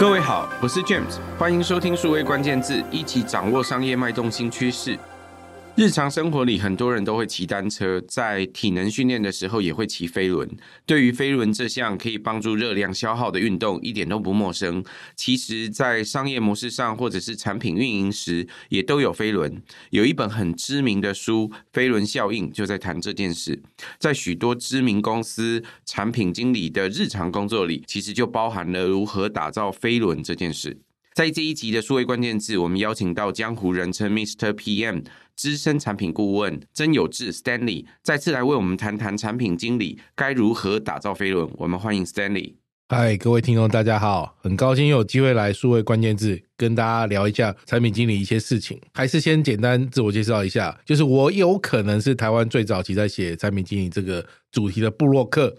各位好，我是 James，歡迎收聽數位關鍵字，一起掌握商業脈動新趨勢。日常生活裡，很多人都會騎單車，在體能訓練的時候也會騎飛輪。對於飛輪這項可以幫助熱量消耗的運動，一點都不陌生。其實，在商業模式上或者是產品運營時，也都有飛輪。有一本很知名的書《飛輪效應》，就在談這件事。在許多知名公司產品經理的日常工作裡，其實就包含了如何打造飛輪這件事。在這一集的數位關鍵字，我們邀請到江湖人稱 Mr. PM。資深產品顧問曾友志 （Stanley） 再次來為我們談談產品經理該如何打造飛輪。我們歡迎 Stanley。嗨，各位聽眾，大家好，很高興有機會來數位關鍵字跟大家聊一下產品經理一些事情。還是先簡單自我介紹一下，就是我有可能是台灣最早期在寫產品經理這個主題的部落客。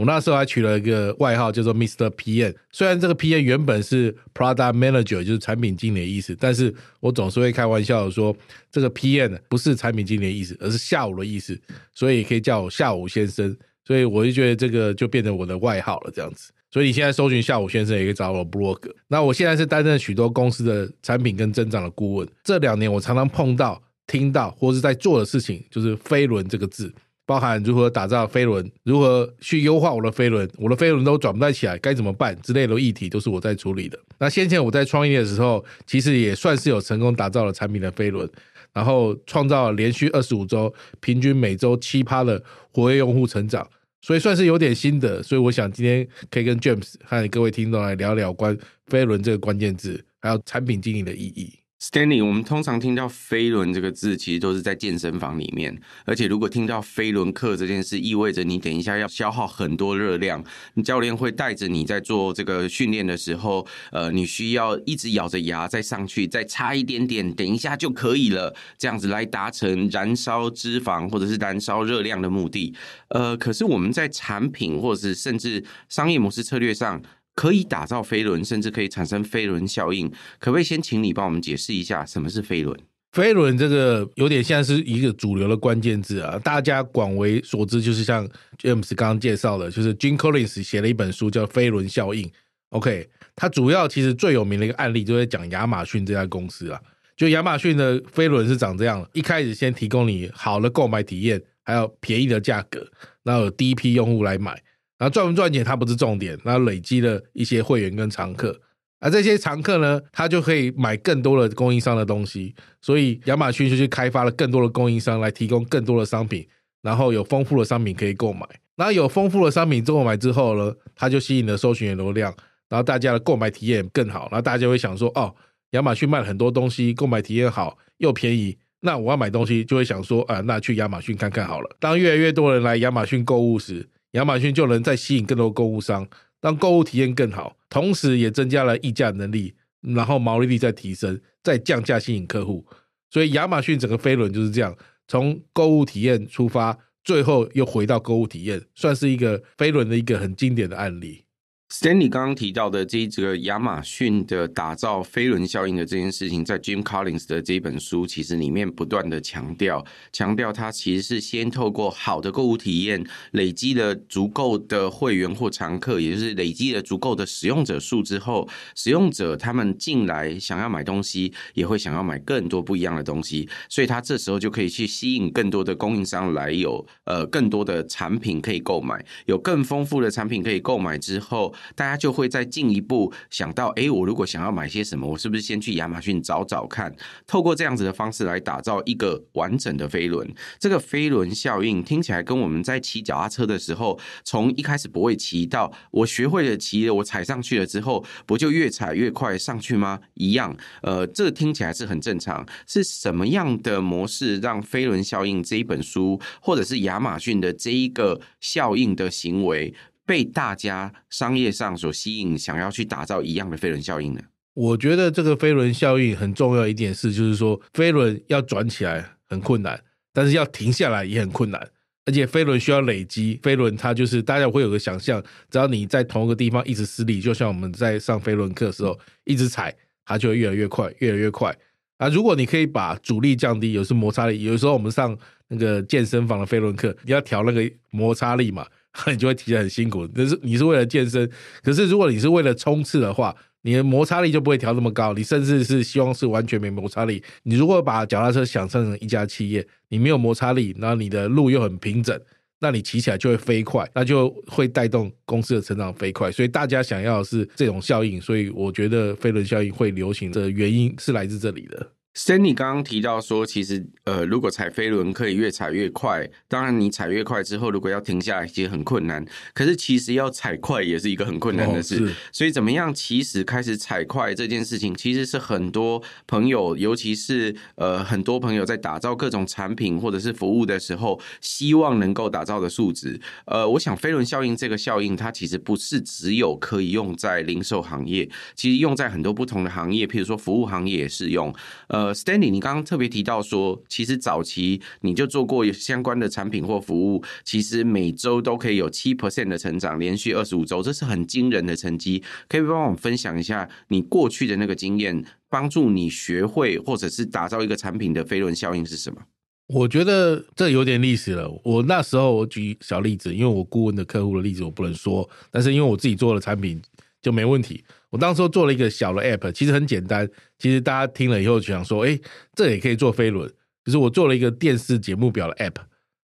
我那時候還取了一個外號，叫做 Mr. PM。雖然這個 PM 原本是 Product Manager，就是產品經理的意思，但是我總是會開玩笑的說，這個 PM 不是產品經理的意思，而是下午的意思，所以也可以叫我下午先生。所以我就覺得這個就變成我的外號了，這樣子。所以你現在搜尋下午先生，也可以找到 blog。那我現在是擔任許多公司的產品跟增長的顧問。這兩年，我常常碰到、聽到或是在做的事情，就是“飛輪”這個字。包含，如何打造飛輪，如何去優化我的飛輪，我的飛輪都轉不太起來，該怎麼辦之類的議題，都是我在處理的。那先前我在創業的時候，其實也算是有成功打造了產品的飛輪，然後創造了連續二十五週平均每週七趴的活躍用戶成長，所以算是有點心得。所以我想今天可以跟 James 和各位聽眾來聊聊關飛輪這個關鍵字，還有產品經營的意義。Stanley，我們通常聽到“飛輪”這個字，其實都是在健身房裡面。而且，如果聽到“飛輪課”這件事，意味着你等一下要消耗很多熱量。教練會帶着你在做這個訓練的時候，呃，你需要一直咬着牙再上去，再差一點點，等一下就可以了，這樣子來達成燃燒脂肪或者是燃燒熱量的目的。呃，可是我們在產品或者是甚至商業模式策略上，可以打造飛輪，甚至可以產生飛輪效應。可不可以先請你幫我們解釋一下什麼是飛輪？飛輪這個有點像是一個主流的關鍵字啊，大家廣為所知，就是像 James 剛剛介紹的，就是 Jim Collins 寫了一本書叫《飛輪效應》。OK，它主要其實最有名的一個案例，就在講亞馬遜這家公司啊，就亞馬遜的飛輪是長這樣：一開始先提供你好的購買體驗，還有便宜的價格，然後有第一批用戶來買。然後賺不賺錢，它不是重點。那累積了一些會員跟常客，而這些常客呢，他就可以買更多的供應商的東西。所以亞馬遜就去開發了更多的供應商，來提供更多的商品，然後有豐富的商品可以購買。那有豐富的商品，購買之後呢，它就吸引了搜尋的流量，然後大家的購買體驗更好。然後大家會想說：“哦，亞馬遜賣了很多東西，購買體驗好又便宜。”那我要買東西，就會想說：“啊、呃，那去亞馬遜看看好了。”當越來越多人來亞馬遜購物時，亞馬遜就能再吸引更多購物商，讓購物體驗更好，同時也增加了議價能力，然後毛利率再提升，再降價吸引客戶。所以亞馬遜整個飛輪就是這樣，從購物體驗出發，最後又回到購物體驗，算是一個飛輪的一個很經典的案例。Stanley 剛剛提到的這一個亞馬遜的打造飛輪效應的這件事情，在 Jim Collins 的這本書其實裡面不斷的強調，強調它其實是先透過好的購物體驗，累積了足夠的會員或常客，也就是累積了足夠的使用者數之後，使用者他們進來想要買東西，也會想要買更多不一樣的東西，所以他這時候就可以去吸引更多的供應商來有呃更多的產品可以購買，有更豐富的產品可以購買之後。大家就會再進一步想到，欸，我如果想要買些什麼，我是不是先去亞馬遜找找看？透過這樣子的方式來打造一個完整的飛輪。這個飛輪效應聽起來跟我們在騎腳踏車的時候，從一開始不會騎到我學會了騎了，我踩上去了之後，不就越踩越快上去嗎？一樣。呃，這聽起來是很正常。是什麼樣的模式讓《飛輪效應》這一本書，或者是亞馬遜的這一個效應的行為？被大家商業上所吸引，想要去打造一樣的飛輪效應呢？我覺得這個飛輪效應很重要一點是，就是說飛輪要轉起來很困難，但是要停下來也很困難，而且飛輪需要累積。飛輪它就是大家會有個想象，只要你在同一個地方一直施力，就像我們在上飛輪課的時候一直踩，它就會越來越快，越來越快。啊，如果你可以把阻力降低，有時摩擦力，有時候我們上那個健身房的飛輪課，你要調那個摩擦力嘛。 你就會騎起來很辛苦，但是你是為了健身。可是如果你是為了衝刺的話，你的摩擦力就不會調那麼高。你甚至是希望是完全沒摩擦力。你如果把腳踏車想象成一家企業，你沒有摩擦力，然後你的路又很平整，那你騎起來就會飛快，那就會帶動公司的成長飛快。所以大家想要的是這種效應，所以我覺得飛輪效應會流行的原因是來自這裡的。Stanley 剛剛提到說，其實呃，如果踩飛輪可以越踩越快，當然你踩越快之後，如果要停下來，其實很困難。可是其實要踩快也是一個很困難的事。所以怎麼樣，其實開始踩快這件事情，其實是很多朋友，尤其是呃，很多朋友在打造各種產品或者是服務的時候，希望能夠打造的數值。呃，我想飛輪效應這個效應，它其實不是只有可以用在零售行業，其實用在很多不同的行業，譬如說服務行業也是用呃。呃，Stanley，你剛剛特別提到說，其實早期你就做過相關的產品或服務，其實每周都可以有七 percent 的成長，連續二十五周，這是很驚人的成績。可以幫我們分享一下你過去的那個經驗，幫助你學會或者是打造一個產品的飛輪效應是什麼？我覺得這有點歷史了。我那時候，我舉小例子，因為我顧問的客戶的例子我不能說，但是因為我自己做的產品，就沒問題。我當時做了一個小的 app，其實很簡單。其實大家聽了以後就想說，哎、欸，這也可以做飛輪。就是我做了一個電視節目表的 app。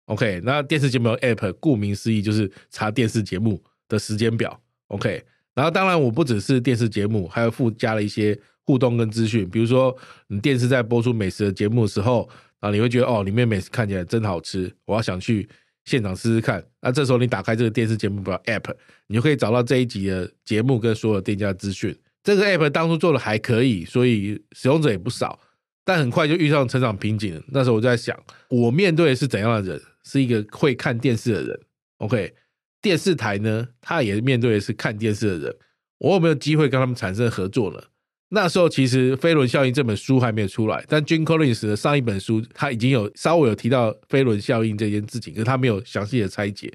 OK，那電視節目的 app 顧名思義就是查電視節目的時間表。OK，然後當然我不只是電視節目，還有附加了一些互動跟資訊。比如說你電視在播出美食的節目的時候，啊，你會覺得哦，裡面美食看起來真好吃，我要想去現場試試看，那這時候你打開這個電視節目表 App，你就可以找到這一集的節目跟所有的店家資訊。這個 App 當初做的還可以，所以使用者也不少，但很快就遇上成長瓶頸了。那時候我就在想，我面對的是怎樣的人？是一個會看電視的人。OK，電視台呢，他也面對的是看電視的人。我有沒有機會跟他們產生合作呢？那時候其實《飛輪效應》這本書還沒有出來，但 Jim Collins 的上一本書他已經有稍微有提到飛輪效應這件事情，可是他沒有詳細的拆解，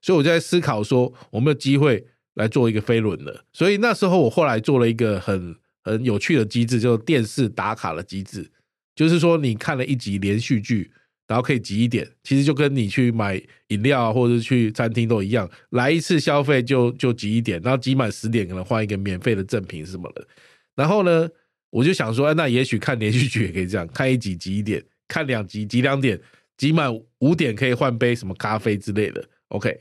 所以我就在思考說，我沒有機會來做一個飛輪了。」所以那時候我後來做了一個很很有趣的機制，就是電視打卡的機制，就是說，你看了一集連續劇，然後可以集一點，其實就跟你去買飲料啊，或者是去餐廳都一樣，來一次消費就就集一點，然後集滿十點可能換一個免費的贈品什麼的。然後呢，我就想說，哎，那也許看連續劇也可以這樣，看一集集一點，看兩集集兩點，集滿五點可以換杯什麼咖啡之類的。OK，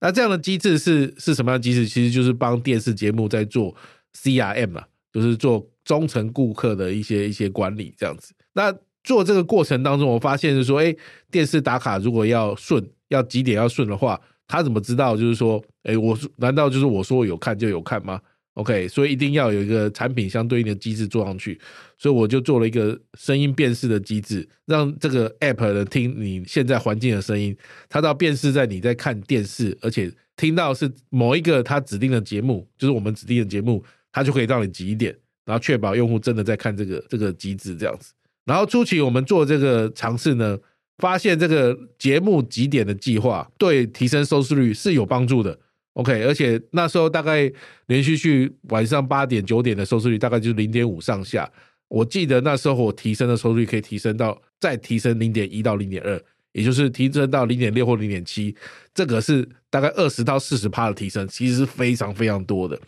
那這樣的機制是是什麼樣的機制？其實就是幫電視節目在做 CRM 嘛，就是做忠誠顧客的一些一些管理這樣子。那做這個過程當中，我發現是說，哎，電視打卡如果要順，要幾點要順的話，他怎麼知道？就是說，哎，我難道就是我說我有看就有看嗎？OK，所以一定要有一個產品相對應的機制做上去，所以我就做了一個聲音辨識的機制，讓這個 app 的聽你現在環境的聲音，它到辨識在你在看電視，而且聽到是某一個它指定的節目，就是我們指定的節目，它就可以讓你集點，然後確保用戶真的在看這個這個機制這樣子。然後初期我們做這個嘗試呢，發現這個節目集點的計劃對提升收視率是有幫助的。OK，而且那時候大概連續劇晚上八點九點的收視率大概就是零點五上下。我記得那時候我提升的收視率可以提升到再提升零點一到零點二，也就是提升到零點六或零點七，這個是大概二十到四十趴的提升，其實是非常非常多的。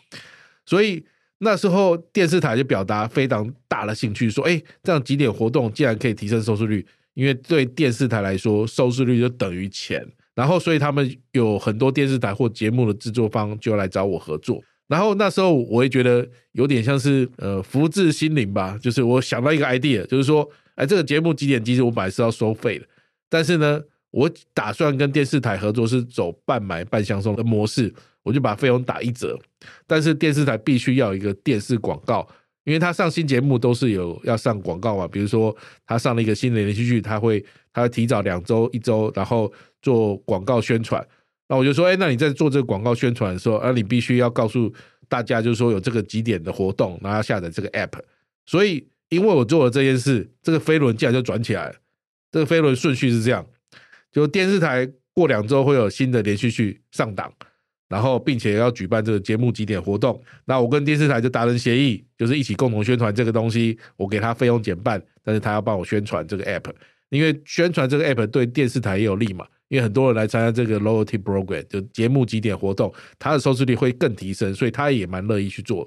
所以那時候電視台就表達非常大的興趣，說：“哎，這樣幾點活動竟然可以提升收視率？因為對電視台來說，收視率就等於錢。”然後，所以他們有很多電視台或節目的制作方就來找我合作。然後那時候，我也覺得有點像是呃，福至心靈吧，就是我想到一個 idea，就是說，哎，這個節目幾點？其實我本來是要收費的，但是呢，我打算跟電視台合作是走半買半相送的模式，我就把費用打一折，但是電視台必須要一個電視廣告。因為他上新節目都是有要上廣告嘛，比如說他上了一個新的連續劇，他會他會提早兩周一周，然後做廣告宣傳。那我就說，哎，那你在做這個廣告宣傳的時候，那你必須要告訴大家，就是說有這個幾點的活動，然後要下載這個 app。所以，因為我做了這件事，這個飛輪竟然就轉起來了。這個飛輪順序是這樣，就電視台過兩周會有新的連續劇上檔。然後，並且要舉辦這個節目集點活動，那我跟電視台就達成協議，就是一起共同宣傳這個東西。我給他費用減半，但是他要幫我宣傳這個 app，因為宣傳這個 app 對電視台也有利嘛。因為很多人來參加這個 loyalty program，就節目集點活動，他的收視率會更提升，所以他也蠻樂意去做。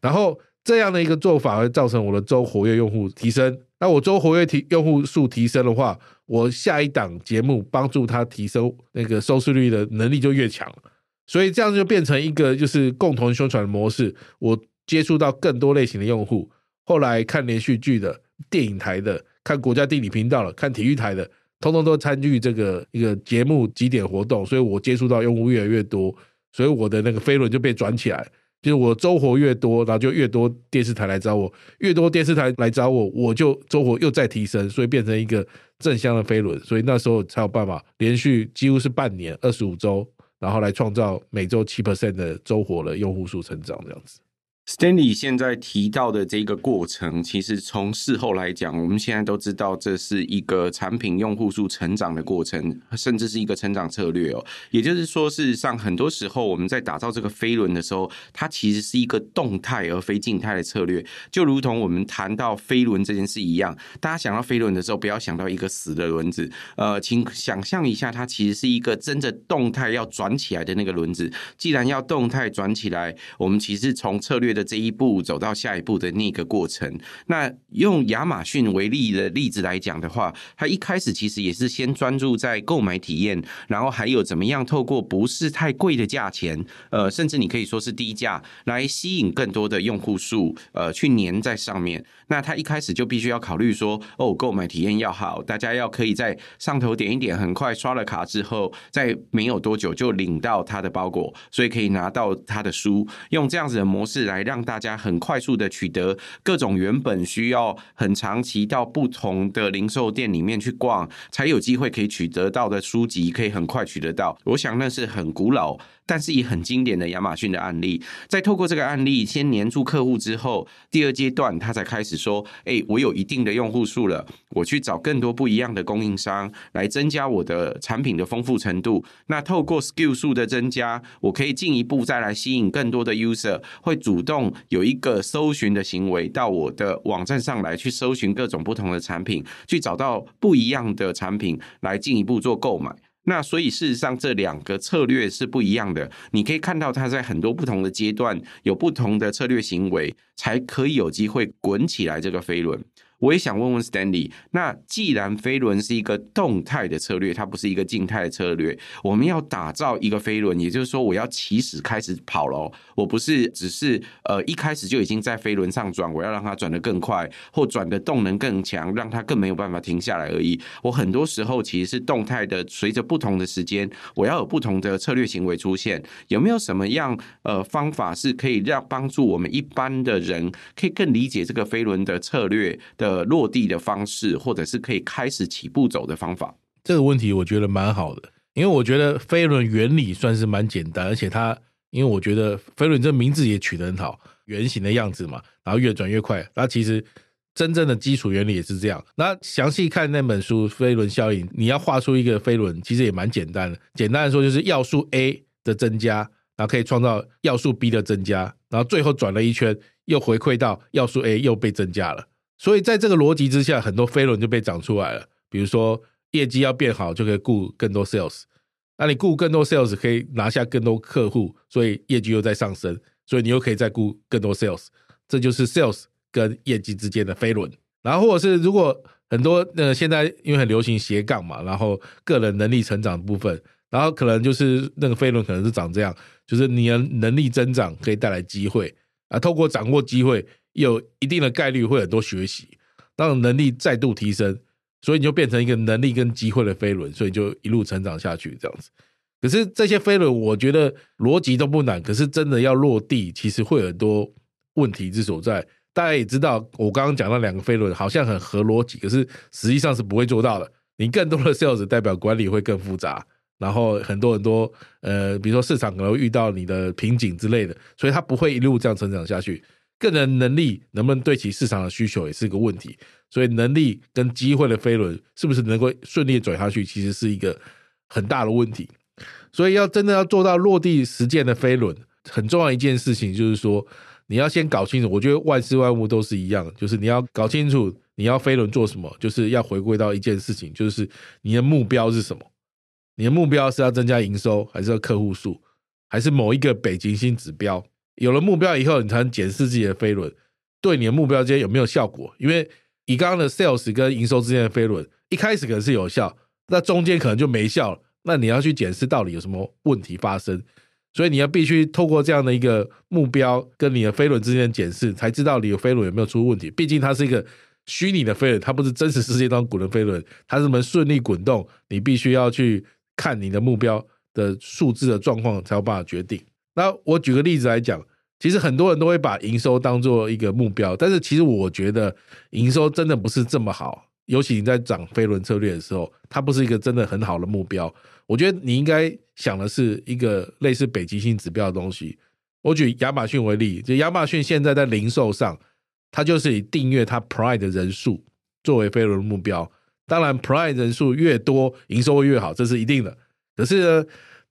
然後這樣的一個做法，會造成我的周活躍用戶提升。那我周活躍提用戶數提升的話，我下一檔節目幫助他提升那個收視率的能力就越強了。所以這樣就變成一個就是共同宣傳的模式。我接觸到更多類型的用戶，後來看連續劇的、電影台的、看國家地理頻道了、看體育台的，通通都參與這個一個節目集點活動。所以，我接觸到用戶越來越多，所以我的那個飛輪就被轉起來。就是我周活越多，然後就越多電視台來找我，越多電視台來找我，我就周活又再提升，所以變成一個正向的飛輪。所以那時候才有辦法連續幾乎是半年二十五周。然後來創造每周七 percent 的周活的用戶數成長這樣子。Stanley 現在提到的這個過程，其實從事後來講，我們現在都知道這是一個產品用戶數成長的過程，甚至是一個成長策略哦、喔。也就是說，事實上很多時候我們在打造這個飛輪的時候，它其實是一個動態而非靜態的策略。就如同我們談到飛輪這件事一樣，大家想到飛輪的時候，不要想到一個死的輪子。呃，請想象一下，它其實是一個真的動態要轉起來的那個輪子。既然要動態轉起來，我們其實從策略，的這一步走到下一步的那個過程，那用亞馬遜為例的例子來講的話，他一開始其實也是先專注在購買體驗，然後還有怎麼樣透過不是太貴的價錢，呃，甚至你可以說是低價來吸引更多的用戶數，呃，去黏在上面。那他一開始就必須要考慮說，哦，購買體驗要好，大家要可以在上頭點一點，很快刷了卡之後，在沒有多久就領到他的包裹，所以可以拿到他的書，用這樣子的模式來。讓大家很快速的取得各種原本需要很長期到不同的零售店裡面去逛，才有機會可以取得到的書籍，可以很快取得到。我想那是很古老。但是，以很經典的亞馬遜的案例，在透過這個案例先黏住客戶之後，第二階段他才開始說：“欸，我有一定的用戶數了，我去找更多不一樣的供應商，來增加我的產品的豐富程度。那透過 SKU 數的增加，我可以進一步再來吸引更多的 user，會主動有一個搜尋的行為到我的網站上來，去搜尋各種不同的產品，去找到不一樣的產品來進一步做購買。”那所以，事實上這兩個策略是不一樣的。你可以看到，它在很多不同的階段有不同的策略行為，才可以有機會滾起來這個飛輪。我也想問問 Stanley，那既然飛輪是一個動態的策略，它不是一個靜態的策略，我們要打造一個飛輪，也就是說，我要起始開始跑嘍喔，我不是只是呃一開始就已經在飛輪上轉，我要讓它轉得更快，或轉的動能更強，讓它更沒有辦法停下來而已。我很多時候其實是動態的，隨着不同的時間，我要有不同的策略行為出現。有沒有什麼樣呃方法是可以讓幫助我們一般的人可以更理解這個飛輪的策略的？呃，落地的方式，或者是可以開始起步走的方法，這個問題我覺得蠻好的，因為我覺得飛輪原理算是蠻簡單，而且它，因為我覺得飛輪這名字也取得很好，圓形的樣子嘛，然後越轉越快，那其實真正的基礎原理也是這樣。那詳細看那本書《飛輪效應》，你要畫出一個飛輪，其實也蠻簡單的。簡單的說，就是要素 A 的增加，然後可以創造要素 B 的增加，然後最後轉了一圈，又回饋到要素 A 又被增加了。所以，在這個邏輯之下，很多飛輪就被長出來了。比如說，業績要變好，就可以雇更多 sales。那你雇更多 sales，可以拿下更多客戶，所以業績又在上升，所以你又可以再雇更多 sales。這就是 sales 跟業績之間的飛輪。然後，或者是如果很多那、呃、現在因為很流行斜槓嘛，然後個人能力成長的部分，然後可能就是那個飛輪可能是長這樣，就是你的能力增長可以帶來機會啊，透過掌握機會。有一定的概率會很多學習，讓能力再度提升，所以你就變成一個能力跟機會的飛輪，所以就一路成長下去這樣子。可是這些飛輪，我覺得邏輯都不難，可是真的要落地，其實會有很多問題之所在。大家也知道，我剛剛講到兩個飛輪好像很合邏輯，可是實際上是不會做到的。你更多的 sales 代表管理會更複雜，然後很多很多呃，比如說市場可能會遇到你的瓶頸之類的，所以它不會一路這樣成長下去。個人能，能力能不能對齊市場的需求也是個問題，所以能力跟機會的飛輪是不是能夠順利轉下去，其實是一個很大的問題。所以要真的要做到落地實踐的飛輪，很重要一件事情就是說，你要先搞清楚。我覺得萬事萬物都是一樣，就是你要搞清楚你要飛輪做什麼，就是要回歸到一件事情，就是你的目標是什麼？你的目標是要增加營收，還是要客戶數，還是某一個北極星指標？有了目標以後，你才能檢視自己的飛輪對你的目標之間有沒有效果。因為以剛剛的 sales 跟營收之間的飛輪，一開始可能是有效，那中間可能就沒效了。那你要去檢視到底有什麼問題發生，所以你要必須透過這樣的一個目標跟你的飛輪之間的檢視，才知道你的飛輪有沒有出問題。畢竟它是一個虛擬的飛輪，它不是真實世界當中滾的飛輪，它是能順利滾動。你必須要去看你的目標的數字的狀況，才有辦法決定。那我舉個例子來講，其實很多人都會把營收當做一個目標，但是其實我覺得營收真的不是這麼好，尤其你在講飛輪策略的時候，它不是一個真的很好的目標。我覺得你應該想的是一個類似北極星指標的東西。我舉亞馬遜為例，就亞馬遜現在在零售上，它就是以訂閱它 Prime 的人數作為飛輪目標。當然 Prime 人數越多，營收越越好，這是一定的。可是呢？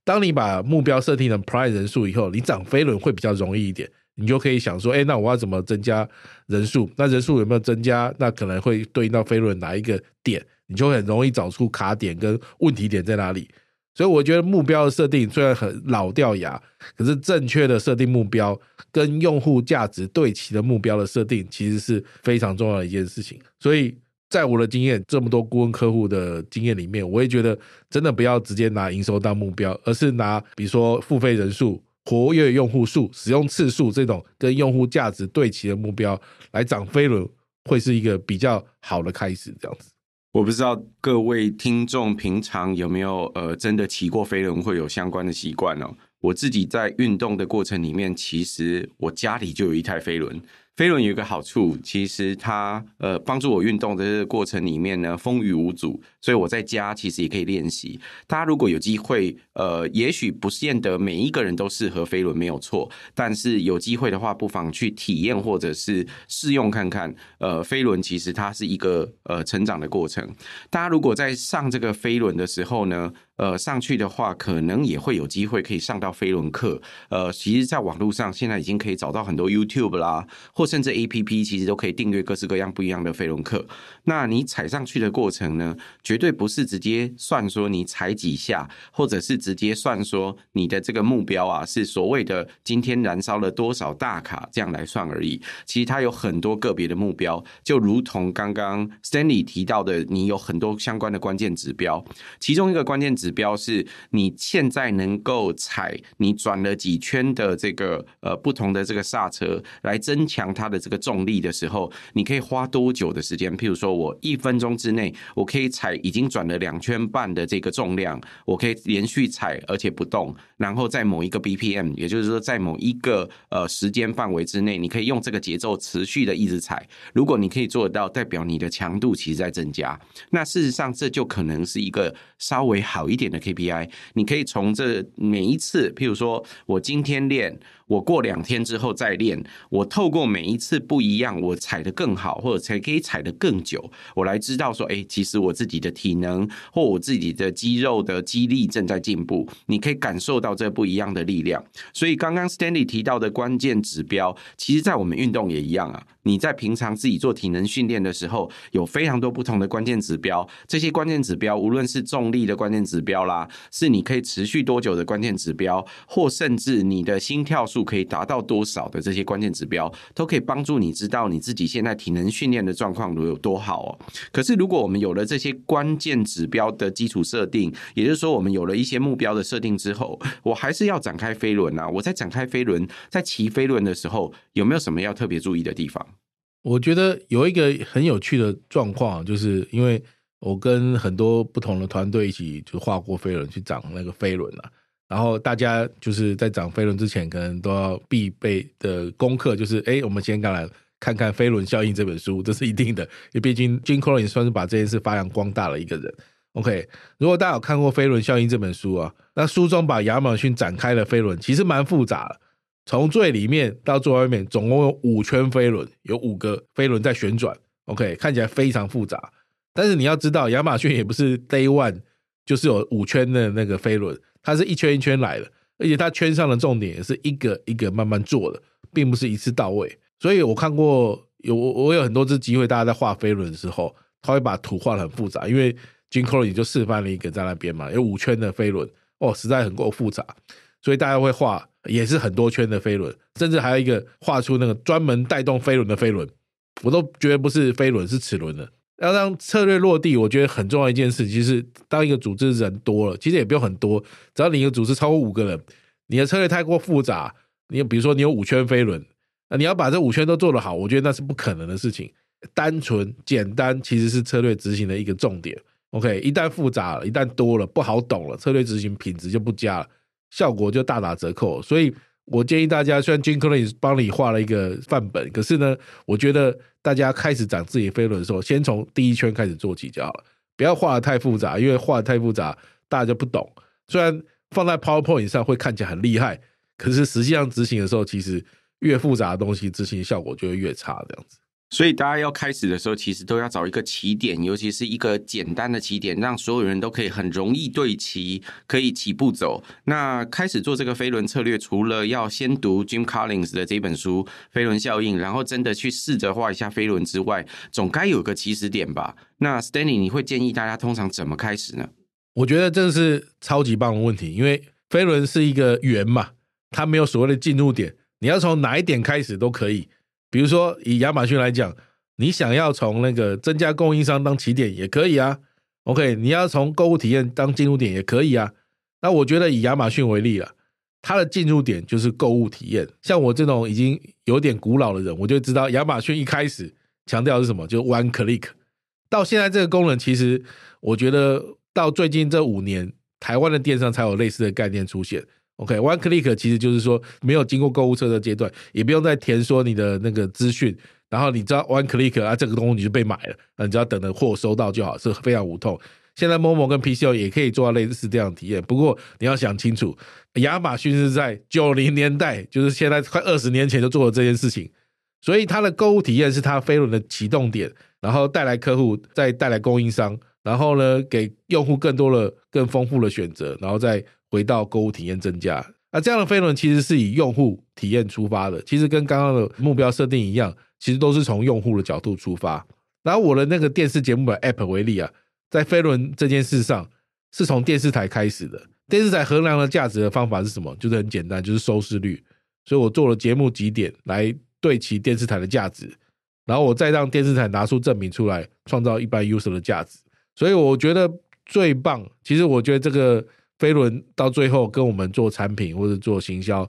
當你把目標設定成 Prime 人數以後，你漲飛輪會比較容易一點。你就可以想說，哎，那我要怎麼增加人數？那人數有沒有增加？那可能會對應到飛輪哪一個點？你就很容易找出卡點跟問題點在哪裡。所以，我覺得目標的設定雖然很老掉牙，可是正確的設定目標跟用戶價值對齊的目標的設定，其實是非常重要的一件事情。所以。在我的經驗，這麼多顧問客戶的經驗裡面，我也覺得真的不要直接拿營收當目標，而是拿比如說付費人數、活躍用戶數、使用次數這種跟用戶價值對齊的目標來漲飛輪，會是一個比較好的開始。這樣子，我不知道各位聽眾平常有沒有呃真的騎過飛輪，會有相關的習慣哦。我自己在運動的過程裡面，其實我家裡就有一台飛輪。飛輪有一個好處，其實它呃幫助我運動的這個過程裡面呢風雨無阻，所以我在家其實也可以練習。大家如果有機會，呃，也許不見得每一個人都適合飛輪沒有錯，但是有機會的話，不妨去體驗或者是試用看看。呃，飛輪其實它是一個呃成長的過程。大家如果在上這個飛輪的時候呢，呃，上去的話可能也會有機會可以上到飛輪課。呃，其實在網路上現在已經可以找到很多 YouTube 啦，或甚至 A P P 其實都可以訂閱各式各樣不一樣的飛輪課。那你踩上去的過程呢，絕對不是直接算說你踩幾下，或者是直接算說你的這個目標啊，是所謂的今天燃燒了多少大卡這樣來算而已。其實它有很多個別的目標，就如同剛剛 Stanley 提到的，你有很多相關的關鍵指標。其中一個關鍵指標是你現在能夠踩你轉了幾圈的這個呃不同的這個剎車來增強它，它的這個重力的時候，你可以花多久的時間？譬如說，我一分鐘之內，我可以踩已經轉了兩圈半的這個重量，我可以連續踩而且不動，然後在某一個 BPM，也就是說，在某一個呃時間範圍之內，你可以用這個節奏持續的一直踩。如果你可以做得到，代表你的強度其實在增加。那事實上，這就可能是一個稍微好一點的 KPI。你可以從這每一次，譬如說我今天練。我過兩天之後再練，我透過每一次不一樣，我踩得更好，或者才可以踩得更久，我來知道說，哎、欸，其實我自己的體能或我自己的肌肉的肌力正在進步，你可以感受到這不一樣的力量。所以剛剛 Stanley 提到的關鍵指標，其實在我們運動也一樣啊。你在平常自己做體能訓練的時候，有非常多不同的關鍵指標。這些關鍵指標，無論是重力的關鍵指標啦，是你可以持續多久的關鍵指標，或甚至你的心跳數可以達到多少的這些關鍵指標，都可以幫助你知道你自己現在體能訓練的狀況有多好哦。可是，如果我們有了這些關鍵指標的基礎設定，也就是說，我們有了一些目標的設定之後，我還是要展開飛輪吶、啊。我在展開飛輪，在騎飛輪的時候，有沒有什麼要特別注意的地方？我覺得有一個很有趣的狀況，啊，就是因為我跟很多不同的團隊一起就畫過飛輪去講那個飛輪啊，然後大家就是在講飛輪之前，可能都要必備的功課就是，誒我們先來看看看看《飛輪效應》這本書，這是一定的，因為畢竟 Jim Collins 也算是把這件事發揚光大了一個人。OK，如果大家有看過《飛輪效應》這本書啊，那書中把亞馬遜展開的飛輪其實蠻複雜的。從最裡面到最外面，總共有五圈飛輪，有五個飛輪在旋轉。OK，看起來非常複雜。但是你要知道，亞馬遜也不是 Day One 就是有五圈的那個飛輪，它是一圈一圈來的，而且它圈上的重點也是一個一個慢慢做的，並不是一次到位。所以我看過有我，我有很多次機會，大家在畫飛輪的時候，他會把圖畫的很複雜，因為 Jim Collins 就示範了一個在那邊嘛，有五圈的飛輪，哦，實在很夠複雜，所以大家會畫。也是很多圈的飛輪，甚至還有一個畫出那個專門帶動飛輪的飛輪，我都覺得不是飛輪是齒輪的。要讓策略落地，我覺得很重要的一件事，其實當一個組織人多了，其實也不用很多，只要你一個組織超過五個人，你的策略太過複雜，你比如說你有五圈飛輪，那你要把這五圈都做得好，我覺得那是不可能的事情。單純簡單其實是策略執行的一個重點。OK，一旦複雜了，一旦多了，不好懂了，策略執行品質就不佳了。效果就大打折扣，所以我建議大家，雖然 Jim Collins 也幫你畫了一個範本，可是呢，我覺得大家開始講自己飛輪的時候，先從第一圈開始做起就好了，不要畫的太複雜，因為畫的太複雜大家就不懂。雖然放在 PowerPoint 上會看起來很厲害，可是實際上執行的時候，其實越複雜的東西執行效果就會越差，這樣子。所以大家要開始的時候，其實都要找一個起點，尤其是一個簡單的起點，讓所有人都可以很容易對齊，可以起步走。那開始做這個飛輪策略，除了要先讀 Jim Collins 的這本書《飛輪效應》，然後真的去試着畫一下飛輪之外，總該有個起始點吧？那 Stanley，你會建議大家通常怎麼開始呢？我覺得這是超級棒的問題，因為飛輪是一個圓嘛，它沒有所謂的進入點，你要從哪一點開始都可以。比如說，以亞馬遜來講，你想要從那個增加供應商當起點也可以啊。OK，你要從購物體驗當進入點也可以啊。那我覺得以亞馬遜為例啊，它的進入點就是購物體驗。像我這種已經有點古老的人，我就知道亞馬遜一開始強調的是什麼，就 One Click。到現在這個功能，其實我覺得到最近這五年，台灣的電商才有類似的概念出現。OK，One Click 其實就是說沒有經過購物車的階段，也不用再填說你的那個資訊，然後你知道 One Click 啊，這個東西你就被買了，你只要等着貨收到就好，是非常無痛。現在，momo 跟 PCO 也可以做到類似這樣的體驗，不過你要想清楚，亞馬遜是在九零年代，就是現在快二十年前就做了這件事情，所以它的購物體驗是它飛輪的啟動點，然後帶來客戶，再帶來供應商，然後呢，給用戶更多的、更豐富的選擇，然後再。回到購物體驗增加，那、啊、這樣的飛輪其實是以用戶體驗出發的，其實跟剛剛的目標設定一樣，其實都是從用戶的角度出發。然後我的那個電視節目的 app 為例啊，在飛輪這件事上，是從電視台開始的。電視台衡量的價值的方法是什麼？就是很簡單，就是收視率。所以我做了節目幾點來對齊電視台的價值，然後我再讓電視台拿出證明出來，創造一般 user 的價值。所以我覺得最棒，其實我覺得這個。飛輪到最後跟我們做產品或者做行銷，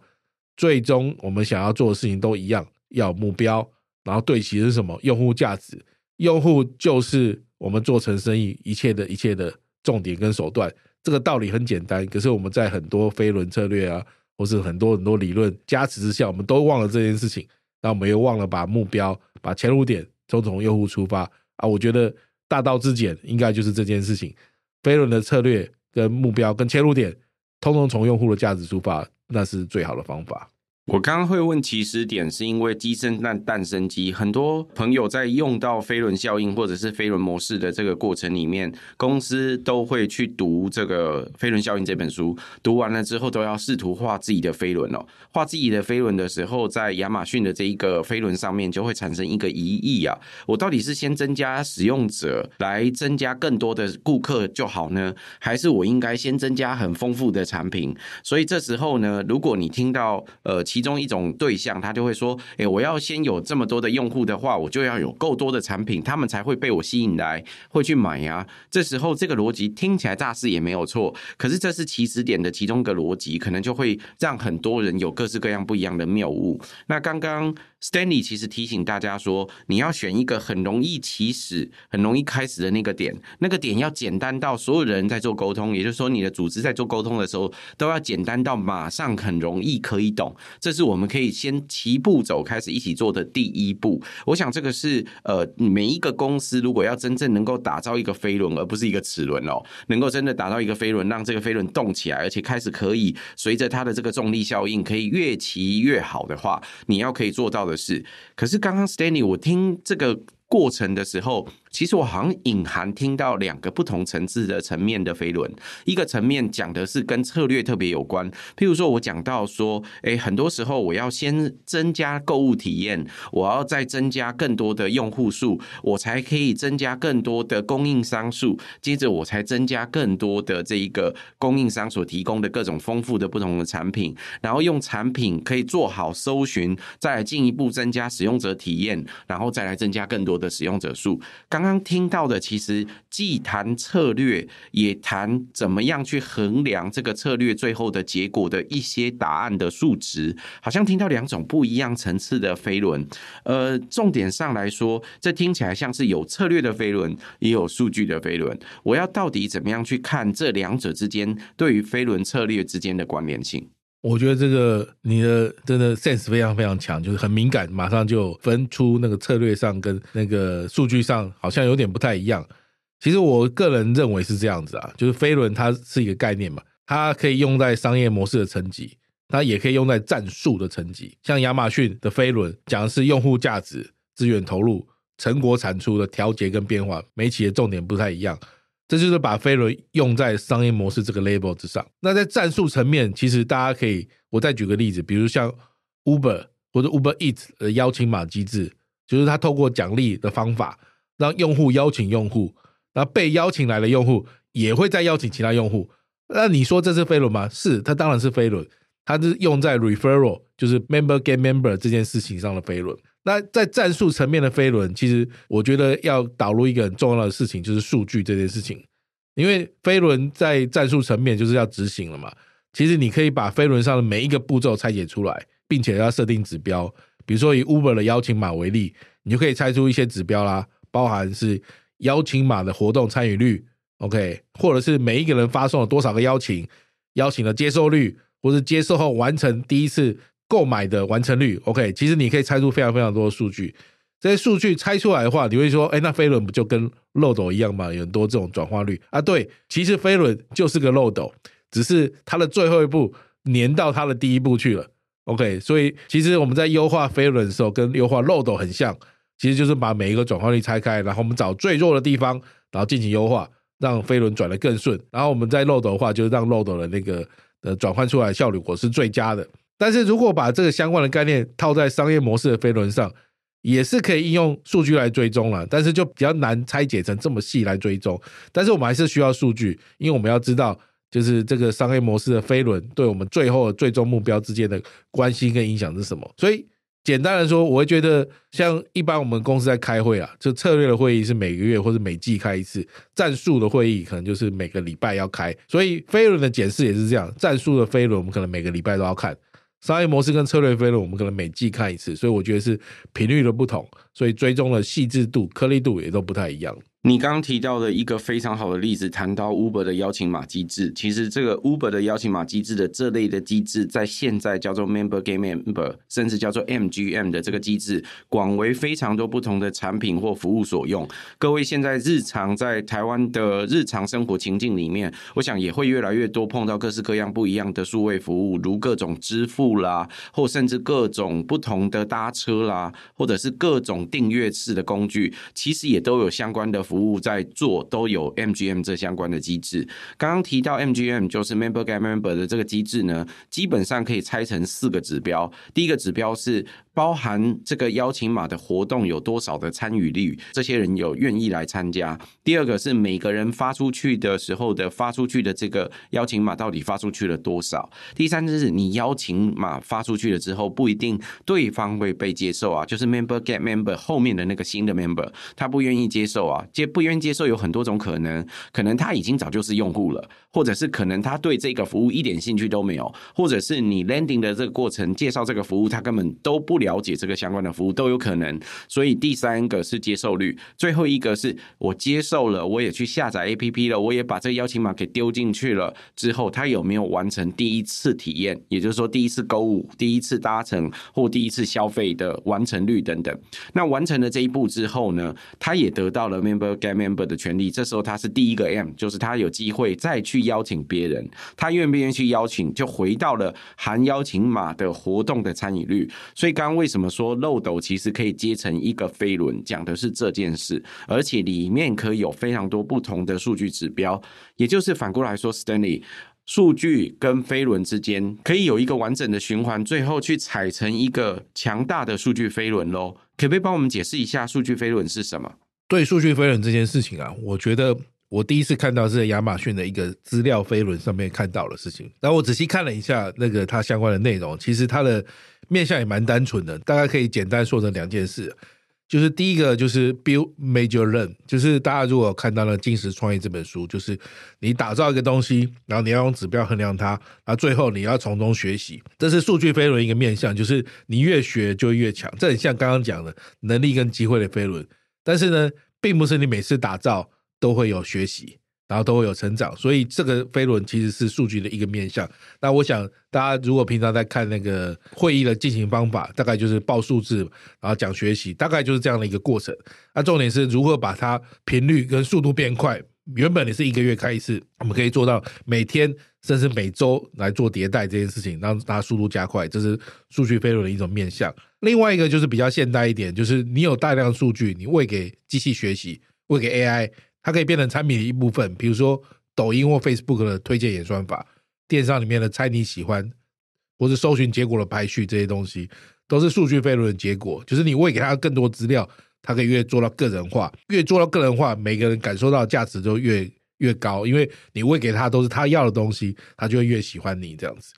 最終我們想要做的事情都一樣，要有目標，然後對齊是什麼？用戶價值，用戶就是我們做成生意一切的一切的重點跟手段。這個道理很簡單，可是我們在很多飛輪策略啊，或是很多很多理論加持之下，我們都忘了這件事情。那我們又忘了把目標、把切入點都從用戶出發啊！我覺得大道至簡，應該就是這件事情。飛輪的策略，跟目標、跟切入點，通通從用戶的價值出發，那是最好的方法。我剛剛會問起始點，是因為雞生蛋，蛋生雞，很多朋友在用到飛輪效應或者是飛輪模式的這個過程裡面，公司都會去讀這個《飛輪效應》這本書。讀完了之後，都要試圖畫自己的飛輪哦。畫自己的飛輪的時候，在亞馬遜的這一個飛輪上面，就會產生一個疑義啊：我到底是先增加使用者來增加更多的顧客就好呢，還是我應該先增加很豐富的產品？所以這時候呢，如果你聽到呃。其中一種對象，他就會說：“哎、欸，我要先有這麼多的用戶的話，我就要有夠多的產品，他們才會被我吸引來，會去買呀、啊。”這時候，這個邏輯聽起來大致也沒有錯，可是這是起始點的其中一個邏輯，可能就會讓很多人有各式各樣不一樣的謬誤。那剛剛。Stanley 其實提醒大家說，你要選一個很容易起始、很容易開始的那個點。那個點要簡單到所有人在做溝通，也就是說你的組織在做溝通的時候都要簡單到馬上很容易可以懂。這是我們可以先齊步走，開始一起做的第一步。我想這個是呃，每一個公司如果要真正能夠打造一個飛輪，而不是一個齒輪哦，能夠真的打造一個飛輪，讓這個飛輪動起來，而且開始可以隨着它的這個重力效應可以越騎越好的話，你要可以做到的。的是，可是剛剛 Stanley 我聽這個過程的時候，其實我好像隱含聽到兩個不同層次的層面的飛輪，一個層面講的是跟策略特別有關，譬如說我講到說，誒，很多時候我要先增加購物體驗，我要再增加更多的用戶數，我才可以增加更多的供應商數，接着我才增加更多的這一個供應商所提供的各種豐富的不同的產品，然後用產品可以做好搜尋，再進一步增加使用者體驗，然後再來增加更多的使用者數。剛剛剛聽到的，其實既談策略，也談怎麼樣去衡量這個策略最後的結果的一些答案的數值，好像聽到兩種不一樣層次的飛輪。呃，重點上來說，這聽起來像是有策略的飛輪，也有數據的飛輪。我要到底怎麼樣去看這兩者之間對於飛輪策略之間的關聯性？我覺得這個你的真的 sense 非常非常強，就是很敏感，馬上就分出那個策略上跟那個數據上好像有點不太一樣。其實我個人認為是這樣子啊，就是飛輪它是一個概念嘛，它可以用在商業模式的層級，它也可以用在戰術的層級。像亞馬遜的飛輪講的是用戶價值、資源投入、成果產出的調節跟變化，每企業的重點不太一樣。這就是把飛輪用在商業模式這個 label 之上。那在戰術層面，其實大家可以，我再舉個例子，比如像 Uber 或者 Uber Eats 的邀請碼機制，就是它透過獎勵的方法讓用戶邀請用戶，那被邀請來的用戶也會再邀請其他用戶。那你說這是飛輪嗎？是，它當然是飛輪，它是用在 referral，r 就是 member get member 這件事情上的飛輪。那在戰術層面的飛輪，其實我覺得要導入一個很重要的事情，就是數據這件事情。因為飛輪在戰術層面就是要執行了嘛。其實你可以把飛輪上的每一個步驟拆解出來，並且要設定指標。比如說以 Uber 的邀請碼為例，你就可以拆出一些指標啦，包含是邀請碼的活動參與率，OK，或者是每一個人發送了多少個邀請，邀請的接受率，或是接受後完成第一次。購買的完成率，OK，其實你可以拆出非常非常多的數據。這些數據拆出來的話，你會說，哎，那飛輪不就跟漏斗一樣嘛？有很多這種轉化率啊。對，其實飛輪就是個漏斗，只是它的最後一步粘到它的第一步去了。OK，所以其實我們在優化飛輪的時候，跟優化漏斗很像，其實就是把每一個轉化率拆開，然後我們找最弱的地方，然後進行優化，讓飛輪轉得更順。然後我們在漏斗的話，就是讓漏斗的那個呃轉換出來的效率果是最佳的。但是如果把這個相關的概念套在商業模式的飛輪上，也是可以應用數據來追蹤啦。但是就比較難拆解成這麼細來追蹤。但是我們還是需要數據，因為我們要知道就是這個商業模式的飛輪對我們最後的最終目標之間的關係跟影響是什麼。所以簡單來說，我會覺得像一般我們公司在開會啊，就策略的會議是每個月或是每季開一次，戰術的會議可能就是每個禮拜要開。所以飛輪的檢視也是這樣，戰術的飛輪我們可能每個禮拜都要看。商業模式跟策略飛輪，我們可能每季看一次，所以我覺得是頻率的不同，所以追蹤的細緻度、顆粒度也都不太一樣。你剛剛提到的一個非常好的例子，談到 Uber 的邀請碼機制，其實這個 Uber 的邀請碼機制的這類的機制，在現在叫做 Member Get Member，甚至叫做 MGM 的這個機制，廣為非常多不同的產品或服務所用。各位現在日常在台灣的日常生活情境裡面，我想也會越來越多碰到各式各樣不一樣的數位服務，如各種支付啦，或甚至各種不同的搭車啦，或者是各種訂閱式的工具，其實也都有相關的。服務在做都有 MGM 這相關的機制。剛剛提到 MGM 就是 Member Get Member 的這個機制呢，基本上可以拆成四個指標。第一個指標是包含這個邀請碼的活動有多少的參與率，這些人有願意來參加。第二個是每個人發出去的時候的發出去的這個邀請碼到底發出去了多少。第三就是你邀請碼發出去了之後，不一定對方會被接受啊，就是 Member Get Member 後面的那個新的 Member 他不願意接受啊。不願意接受有很多種可能，可能他已經早就是用戶了，或者是可能他對這個服務一點興趣都沒有，或者是你 landing 的這個過程介紹這個服務，他根本都不了解這個相關的服務都有可能。所以第三個是接受率，最後一個是，我接受了，我也去下載 APP 了，我也把這個邀請碼給丟進去了之後，他有沒有完成第一次體驗，也就是說第一次購物、第一次搭乘或第一次消費的完成率等等。那完成了這一步之後呢，他也得到了 member。Get member 的權利，這時候他是第一個 M，就是他有機會再去邀請別人，他願不願意去邀請，就回到了含邀請碼的活動的參與率。所以剛剛為什麼說漏斗其實可以接成一個飛輪，講的是這件事，而且裡面可以有非常多不同的數據指標。也就是反過來說，Stanley 數據跟飛輪之間可以有一個完整的循環，最後去踩成一個強大的數據飛輪嘍。可不可以幫我們解釋一下數據飛輪是什麼？所以數據飛輪這件事情啊，我覺得我第一次看到是在亞馬遜的一個資料飛輪上面看到的事情。然後我仔細看了一下那個它相關的內容，其實它的面向也蠻單純的，大概可以簡單說成兩件事，就是第一個就是 build measure learn，就是大家如果看到了《精實創業》這本書，就是你打造一個東西，然後你要用指標衡量它，然後最後你要從中學習，這是數據飛輪一個面向，就是你越學就越強。這很像剛剛講的能力跟機會的飛輪。但是呢，並不是你每次打造都會有學習，然後都會有成長，所以這個飛輪其實是數據的一個面向。那我想，大家如果平常在看那個會議的進行方法，大概就是報數字，然後講學習，大概就是這樣的一個過程。那重點是如何把它頻率跟速度變快。原本你是一個月開一次，我們可以做到每天。甚至每週來做迭代這件事情，讓它速度加快，這是數據飛輪的一種面向。另外一個就是比較現代一點，就是你有大量數據，你餵給機器學習，餵給 AI，它可以變成產品的一部分。比如說抖音或 Facebook 的推薦演算法，電商裡面的猜你喜歡，或是搜尋結果的排序這些東西，都是數據飛輪的結果。就是你餵給它更多資料，它可以越做到個人化，越做到個人化，每個人感受到價值就越。越高，因為你餵給他都是他要的東西，他就會越喜歡你這樣子。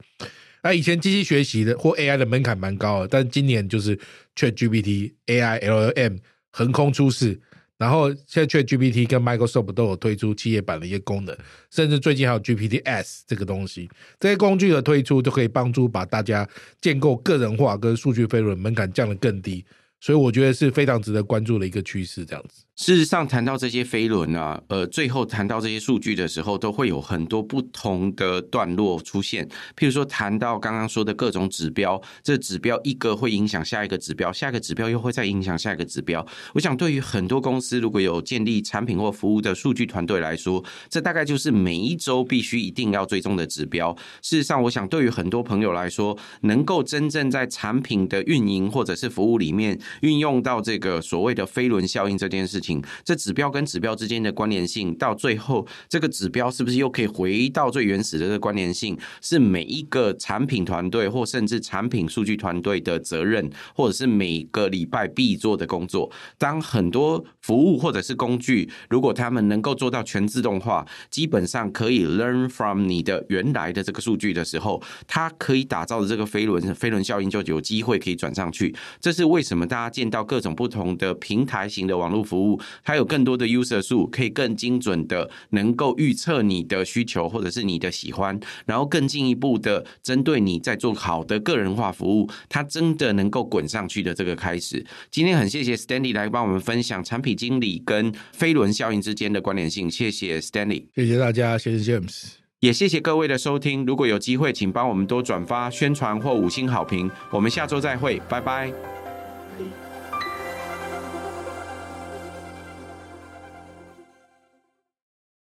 那、啊、以前機器學習的或 AI 的門檻蠻高的，但今年就是 ChatGPT、AI LLM 橫空出世，然後現在 ChatGPT 跟 Microsoft 都有推出企業版的一些功能，甚至最近還有 GPTs 這個東西，這些工具的推出就可以幫助把大家建構個人化跟數據飛輪門檻降得更低，所以我覺得是非常值得關注的一個趨勢，這樣子。事實上，談到這些飛輪啊，呃，最後談到這些數據的時候，都會有很多不同的段落出現。譬如說，談到剛剛說的各種指標，這指標一個會影響下一個指標，下一個指標又會再影響下一個指標。我想，對於很多公司如果有建立產品或服務的數據團隊來說，這大概就是每一周必須一定要追蹤的指標。事實上，我想對於很多朋友來說，能夠真正在產品的運營或者是服務裡面運用到這個所謂的飛輪效應這件事。這指標跟指標之間的關聯性，到最後這個指標是不是又可以回到最原始的這個關聯性？是每一個產品團隊或甚至產品數據團隊的責任，或者是每個禮拜必做的工作。當很多服務或者是工具，如果他們能夠做到全自動化，基本上可以 learn from 你的原來的這個數據的時候，它可以打造的這個飛輪，飛輪效應就有機會可以轉上去。這是為什麼大家見到各種不同的平台型的網絡服務。它有更多的 user 數，可以更精準的能夠預測你的需求或者是你的喜歡，然後更進一步的針對你在做好的個人化服務，它真的能夠滾上去的這個開始。今天很謝謝 Stanley 來幫我們分享產品經理跟飛輪效應之間的關聯性，謝謝 Stanley，謝謝大家，謝謝 James，也謝謝各位的收聽。如果有機會，請幫我們多轉發宣傳或五星好評。我們下周再會，拜拜。